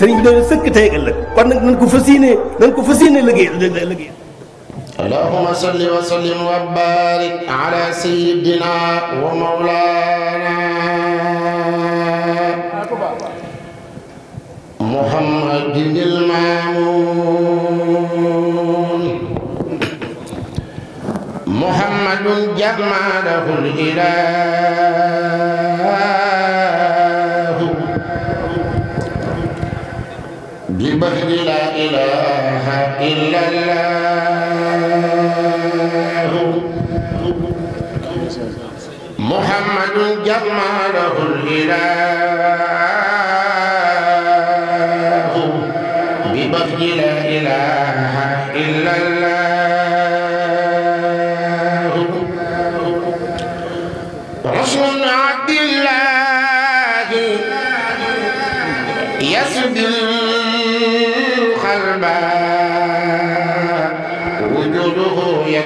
sëriñ bi dana sëkk tey ëllëg kon nag nañ ko fas yéene nañ ko fas yéene liggéey liggéey allahumma salli wa sallim wa barik ala sayyidina wa mawlana muhammadin al-ma'mun muhammadun jamalahu al-ilah بحر لا إله إلا الله محمد جماله الإله ببحر لا إله إلا الله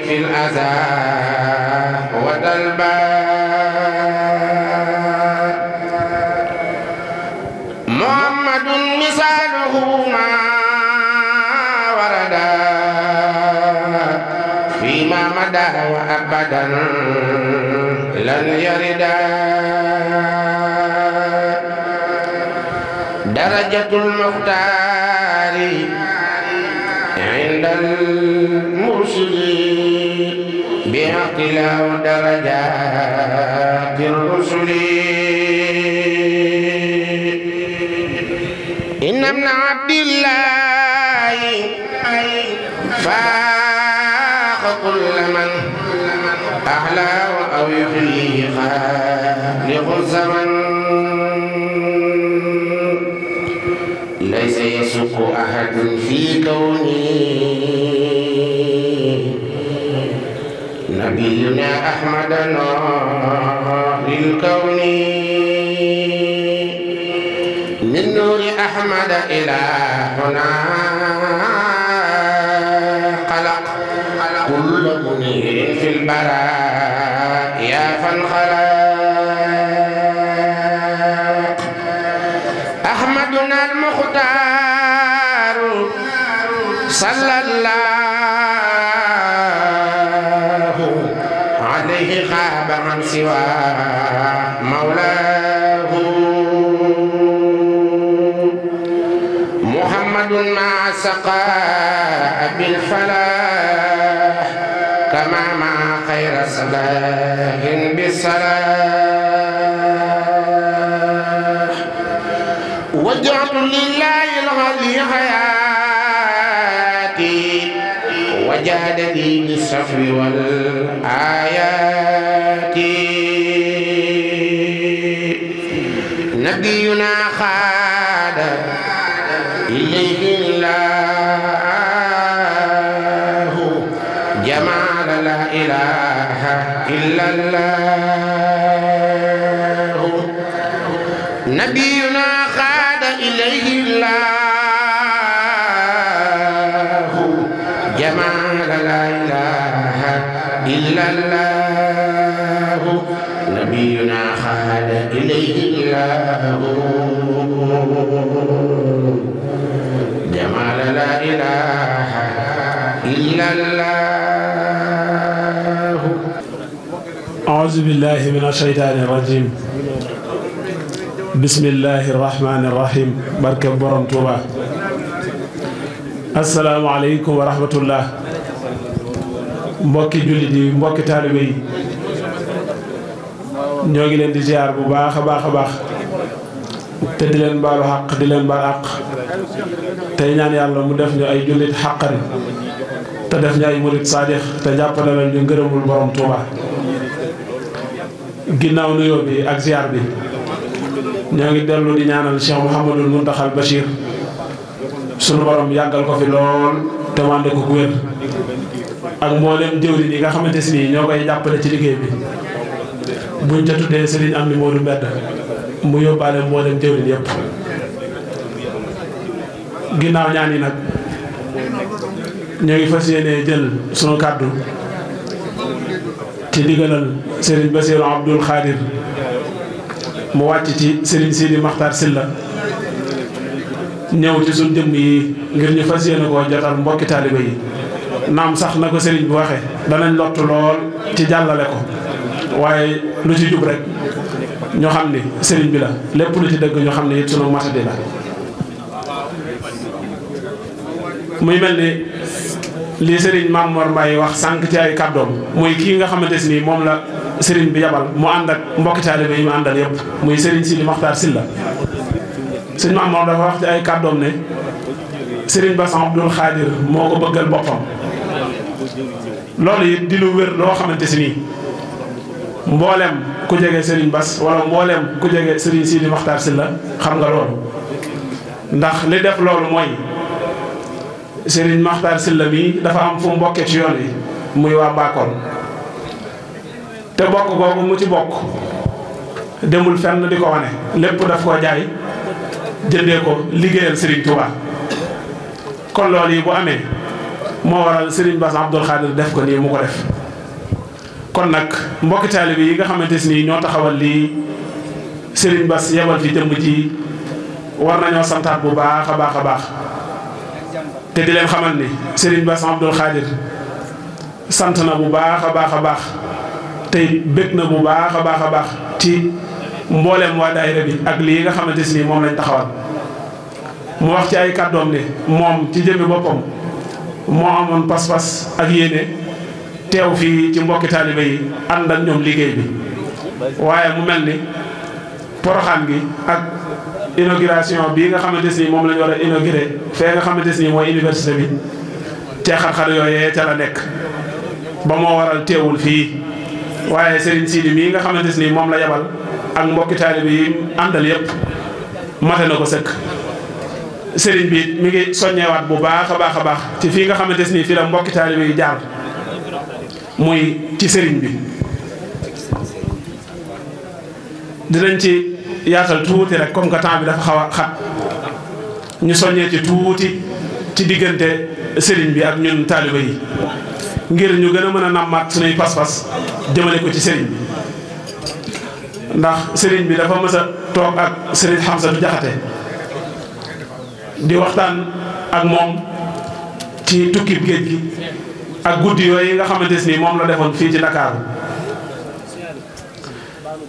في الأذى وتلباء محمد مثاله ما ورد فيما مدى وأبدا لن يرد درجة المختار عند ال ابتلاء درجات الرسل إن ابن عبد الله فاق كل من أعلى أو يخليه خالق الزمن ليس يسوق أحد في كونه نبينا أحمد للكون من نور أحمد إلى هنا قلق كل منير في البراء يا فانخلق أحمدنا المختار صلى الله وجعت لله الغالي حياتي وجادني بالصفر والآيات نبينا خاد إليه الله جمال لا إله إلا الله نبينا إليه الله جمال لا إله إلا الله نبينا خال إليه الله جمال لا إله إلا الله أعوذ بالله من الشيطان الرجيم bismillahi rahmaani rahim barke borom Touba asalaamualeykum wa rahmatullah mbokki jullit yi mbokki taalibe yi ñoo ngi leen di ziar bu baax a baax a baax te di leen baalu xaq di leen baal xaq tey ñaan yàlla mu def ñu ay jullit xaqan te def ñu ay murit saadix te jàppale ñu ngërëmul borom Touba ginnaaw nuyoo bi ak ziar bi. ñoo ngi dellu di ñaanal Cheikh Mouhamadul Muntaxal Bachir sunu borom yàggal ko fi lool te wànde ko wér ak mboolem jëwriñ yi nga xamante si nii ñoo koy jàppale ci liggéey bi buñ ca tuddee Serigne Amdi Modou Mbedd mu yóbbaale mboolem jëwriñ yëpp ginnaaw ñaan yi nag ñoo ngi fas yéenee jël sunu kàddu ci diggalal Serigne Bassirou Abdoul Khadir mu wàcc ci Serigne Sidi Makhtar Sylla ñëw ci suñ jëmm yi ngir ñu fas yéene koo jotal mbokki taaliba yi naam sax na ko sëriñ bu waxee danañ lottu lool ci jàllale ko waaye lu ci jub rek ñu xam ni Serigne bi la lépp lu ci dëgg ñu xam ni it sunu matadi la. muy mel ni lii sëriñ Mame Mor Mbaye wax sànq ci ay kàddoom mooy kii nga xamante ni moom la. sëriñ bi yabal mu ànd ak mbokki taalibe yi mu àndal yëpp muy sëriñ Sidi Maxtaar Silla sëñ Maam moom dafa wax ci ay kàddoom ne sëriñ Bass Abdou Khadre moo ko bëggal boppam loolu it di lu wér loo xamante si nii mbooleem ku jege sëriñ bas wala mbooleem ku jege sëriñ Sidi Maxtaar Silla xam nga loolu ndax li def loolu mooy sëriñ Maxtaar Silla mii dafa am fu mu bokkee yoon yi muy waa Bakol te bokk boobu mu ci bokk demul fenn di ko wane lépp daf koo jaay jëndee ko liggéeyal Serigne Touba kon loolu yi bu amee moo waral Serigne Bass Abdoul Khadir def ko nii mu ko def kon nag mbokki taalibe yi nga xamante si nii ñoo taxawal lii Serigne Bass yebal fi jëm ji war nañoo santaat bu baax a baax a baax te di leen xamal ni Serigne Bass Abdoul Khadir sant na bu baax a baax a baax tey bëgg na bu baax a baax a baax ci mboolem waa daayira bi ak lii nga xamante si nii moom lañ taxawal mu wax ci ay kàddoom ne moom ci jëmmi boppam moo amoon pas-pas ak yéene teew fii ci mbokki taalibe yi ànd ak ñoom liggéey bi waaye mu mel ni poroxaan gi ak inauguration bii nga xamante si nii moom lañ war a inauguré fee nga xamante si nii mooy université bi te xar-xar yooyee ca la nekk ba moo waral teewul fii waaye Serigne Sidi mii nga xamante ni moom la yabal ak mbokki taalibe yi àndal yëpp mate na ko sëkk. Serigne bi mu ngi soññewaat bu baax a baax a baax ci fii nga xamante ni fii la mbokki taalibe yi jaar muy ci Serigne bi. dinañ ci yaatal tuuti rek comme que temps bi dafa xaw a xat ñu soññee ci tuuti ci diggante Serigne bi ak ñun taalibe yi. ngir ñu gën a mën a nàmmaat suñuy pas-pas jëmale ko ci sëriñ bi ndax sëriñ bi dafa mës a toog ak sëriñ Xamsa du Jaxate di waxtaan ak moom ci tukki géej gi ak guddi yooyu nga xamante si nii moom la defoon fii ci Ndakaaru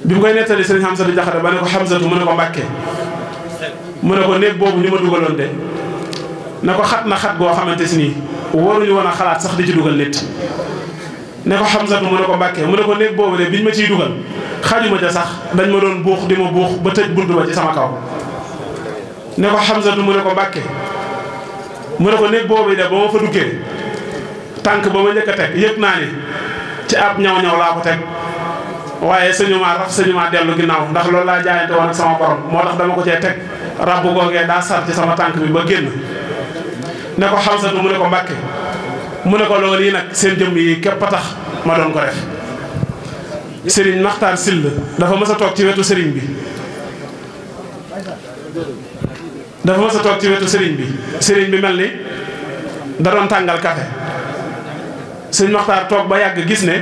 bi mu koy nettali sëriñ Xamsa du Jaxate ba ne ko Xamsatu mu ne ko Mbàkke mu ne ko néeg boobu li ma dugaloon de na ko xat na xat goo xamante si nii waruñu woon a xalaat sax di ci dugal nit ne ko xamsatu mu ne ko mbàkkee mu ne ko néeg boobu de biñ ma ciy dugal xajuma ca sax dañ ma doon buux di ma buux ba tëj bunt ba ci sama kaw ne ko xamsatu mu ne ko mbàkkee mu ne ko néeg boobu de ba ma fa duggee tànk ba ma njëkk a teg yëg naa ni ci ab ñaw-ñaw laa ko teg waaye sañu maa raf sañu maa dellu ginnaaw ndax loolu laa jaayante woon ak sama borom moo tax dama ko cee teg rab googee daa sar ci sama tànk bi ba génn ne ko xamsatu mu ne ko mbàkke mu ne ko loolu yi nag seen jëmm yi képp a tax ma doon ko def sëriñ maxtaar sill dafa mës a toog ci wetu sëriñ bi dafa mës a toog ci wetu sëriñ bi sëriñ bi mel ni da doon tàngal kafe sëriñ maxtaar toog ba yàgg gis ne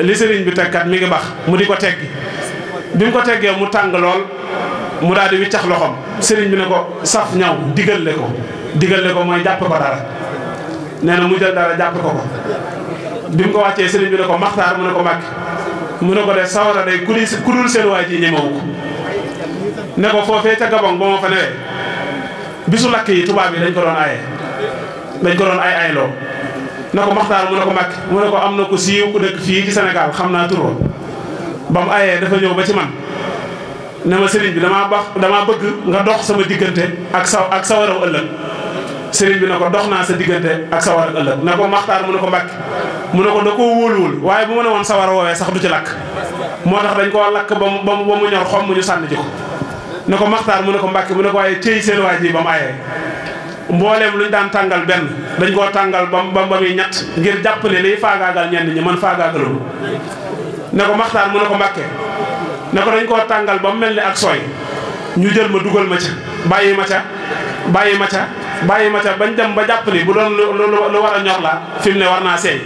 li sëriñ bi tegkat mi ngi bax mu di ko teggi bi mu ko teggee mu tàng lool mu daal di wiccax loxoom sëriñ bi ne ko saf ñaw digal le ko digal ko mooy jàpp ko dara nee na mu jël dara jàpp ko ko bi mu ko wàccee sëriñ bi ne ko maxtaar mu ne ko màkk mu ne ko de sawara day ku dul seen waay ji ñemewu ko ne ko foofee ca Gabon ba ma fa newee bisu lakk yi tubaab yi dañ ko doon aaye dañ ko doon ay ayeloo ne ko maxtaar mu ne ko màkk mu ko am na ko siiw ku dëkk fii ci Sénégal xam naa turoo ba mu ayee dafa ñëw ba ci man ne ma sëriñ bi damaa bax damaa bëgg nga dox sama diggante ak saw ak sawaraw ëllëg sëriñ bi ne ko dox naa sa diggante ak sa sawar ak ëllëg ne ko maxtaar mu ne ko mbàkki mu ne ko da koo wóoluwul waaye bu ma ne woon sawar a woowee sax du ci lakk moo tax dañ koo lakk ba mu ba mu ñor xom mu ñu sànni ji ko ne ko maxtaar mu ne ko mbàkki mu ne waaye cëy seen waa ji ba mu ayee mbooleem luñ daan tàngal benn dañ koo tàngal ba ba ba muy ñett ngir jàpp ne liy faagaagal ñenn ñi man faagaagaloolu ne ko maxtaar mu ne ko mbàkke ne ko tàngal ba mu mel ni ak sooy ñu jël ma dugal ma ci bàyyi ma ca bàyyi ma ca bàyyi ma ca bañ dem ba jàpp ni bu doon lu war a ñor la fi ne war naa seey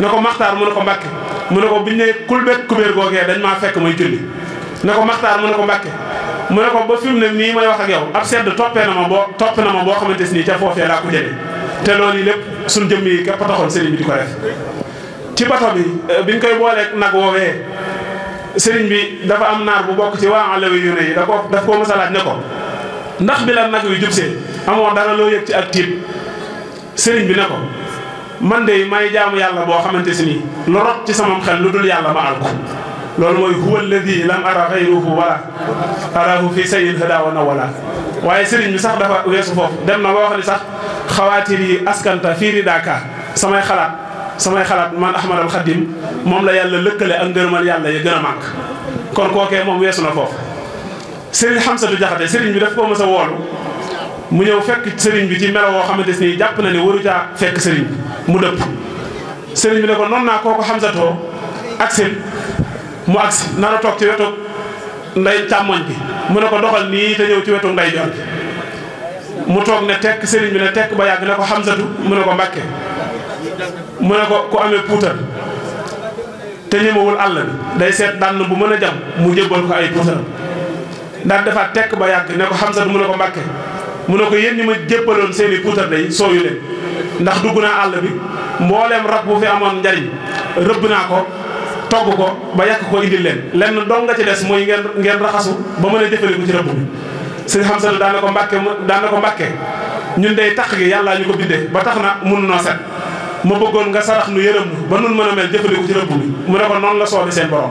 ne ko maxtaar mu ne ko mbàkke mu ne ko biñ ne kulbét kubéer googee dañ maa fekk muy julli ne ko maxtaar mu ne ko mbàkke mu ne ko ba fi mu ne nii may wax ak yow ab sedd toppee na ma boo topp na ma boo xamante si nii ca foofee laa ko te loolu yi lépp suñ jëmm yi képp taxoon sëriñ bi di ko def ci bato bi euh, biñ koy booleeg nag woowee sëriñ bi dafa am naar bu bokk ci waa alawi yu yi da ko daf ko mësalaat ne ko ndax bi la nag wi jub see amoo dara loo yëg ci ak tiit sëriñ bi ne ko man de may jaamu yàlla boo xamante si ni lu ci samam xel lu dul yàlla ma al loolu mooy huwa alladi lam ara xayruhu wala arahu fi sayin hadawana wala waaye sëriñ bi sax dafa weesu foofu dem na boo xam sax xawaatir yi askanta fii ri daaka samay xalaat samay xalaat man ahmad al xadim moom la yàlla lëkkale ak ngërëmal yàlla ya gën a mànk kon kookee moom weesu na foofu sëriñ xamsatu jaxate sëriñ bi daf ko mës mu ñëw fekk sëriñ bi ci melo woo xamante nii jàpp na ne waru caa fekk sëriñ bi mu dëpp sëriñ bi ne ko noonu naa kooku xamsatoo agsi mu agsi nar a toog ci wetu nday càmmoñ bi mu ne ko doxal nii te ñëw ci wetu nday joor mu toog ne tekk sëriñ bi ne tekk ba yàgg ne ko xamsatu mu ne ko mbàkke mu ne ko ku amee puutar te ñemewul àll bi day seet dànn bu mën a jam mu jébbal ko ay puutar ndax dafa tekk ba yàgg ne ko xamsatu mu ne ko mbàkke mu ne ko yéen ñi ma jébbaloon seen i puutar day sooyu leen ndax dugg naa àll bi mbooleem rab bu fi amoon njariñ rëbb naa ko togg ko ba yàq ko indil leen lenn doom nga ci des mooy ngeen ngeen raxasu ba mën a jëfandiku ci rëbb bi sëñ xam sa daan ko mbàkke daan daane ko mbàkke ñun dey taq gi yàllaa ñu ko bindee ba tax na mun noo set mu bëggoon nga sarax nu yërëm ba nun mën a mel jëfandiku ci rëbb bi mu ne ko noonu la soobi seen borom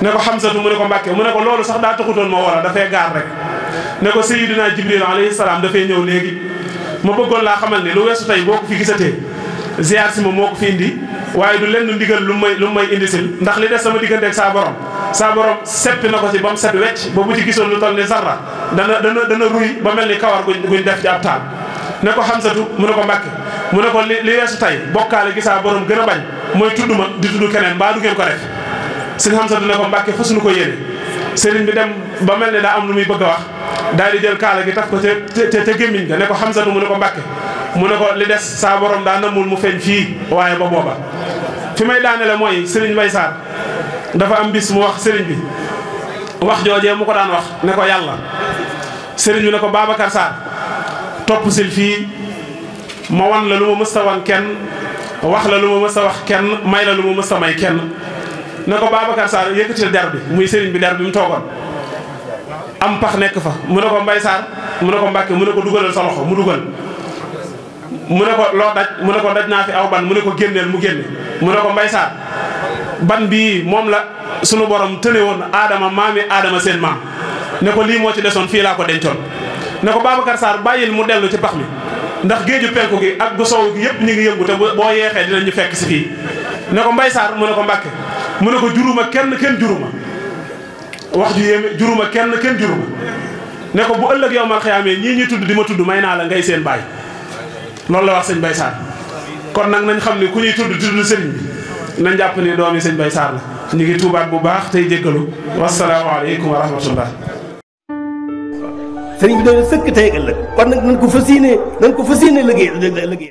ne ko xamsatu mu ne ko mbàkke mu ne ko loolu sax daa taxutoon moo waral dafay gaar ne ko Seydina Jibril alayhi salaam dafay ñëw léegi ma bëggoon laa xamal ne lu weesu tey boo ko fi gisatee ziar si ma moo fi indi waaye du lenn ndigal lu may lu may indi sil ndax li des sama diggante ak saa borom saa borom seppi na ko si ba mu set wecc ba bu ci gisoon lu toll ni zarra dana dana dana ruy ba mel ni kawar guñ guñ def ci ab taal ne ko xamsatu mu ne ko mbàkke mu ne ko li li weesu tey bokkaale gi saa borom gën a bañ mooy tudd ma di tudd keneen mbaa du ko def sëñ xamsatu ne ko mbàkke fasuñu ko yéene sëriñ bi dem ba mel ne daa am lu muy bëgg a wax daal di jël kaala gi taf ko ca ca ca gémmiñ ga ne ko xamsatu mu ne ko mbàkke mu ne ko li des saa borom daa namul mu feeñ fii waaye ba booba fi may daanele mooy sëriñ Mbaye Sarr dafa am bis mu wax sëriñ bi wax joojee mu ko daan wax ne ko yàlla Serigne bi ne ko Babacar Sarr topp sil fii ma wan la lu ma mës wan kenn wax la lu ma mës a wax kenn may la lu ma mës a may kenn ne ko Babacar Sarr yëkkatil der bi muy Serigne bi der bi mu toogoon am pax nekk fa mu ne ko mbay saar mu ne ko mbàkke mu ne ko dugalal sa loxo mu dugal mu ne ko loo daj mu ne ko daj naa fi aw ban mu ne ko génneel mu génne mu ne ko mbay saar ban bii moom la sunu borom tële woon aadama maami aadama seen maam ne ko lii moo ci desoon fii laa ko dencoon ne ko Babacar Sarr bàyyil mu dellu ci pax mi ndax géeju penku gi ak bu sow gi yëpp ñu ngi yëngu te boo yeexee ñu fekk si fii ne ko mbay saar mu ne ko mbàkke mu ne ko juruma kenn kenn juruma wax ju yéeme juruma kenn kenn juruma ne ko bu ëllëg yow mal xiyaamee ñii ñuy tudd di ma tudd may naa la ngay seen baay loolu la wax sëñ Bay Saar kon nag nañ xam ne ku ñuy tudd tudd sëriñ bi nañ jàpp ni doomi sëñ Bay Saar la ñu ngi tuubaat bu baax tey jéggalu wasalaamaaleykum wa rahmatullah sëriñ bi doon sëkk tey ëllëg kon nag nañ ko fa yéene nañ ko fas yéene liggéey liggéey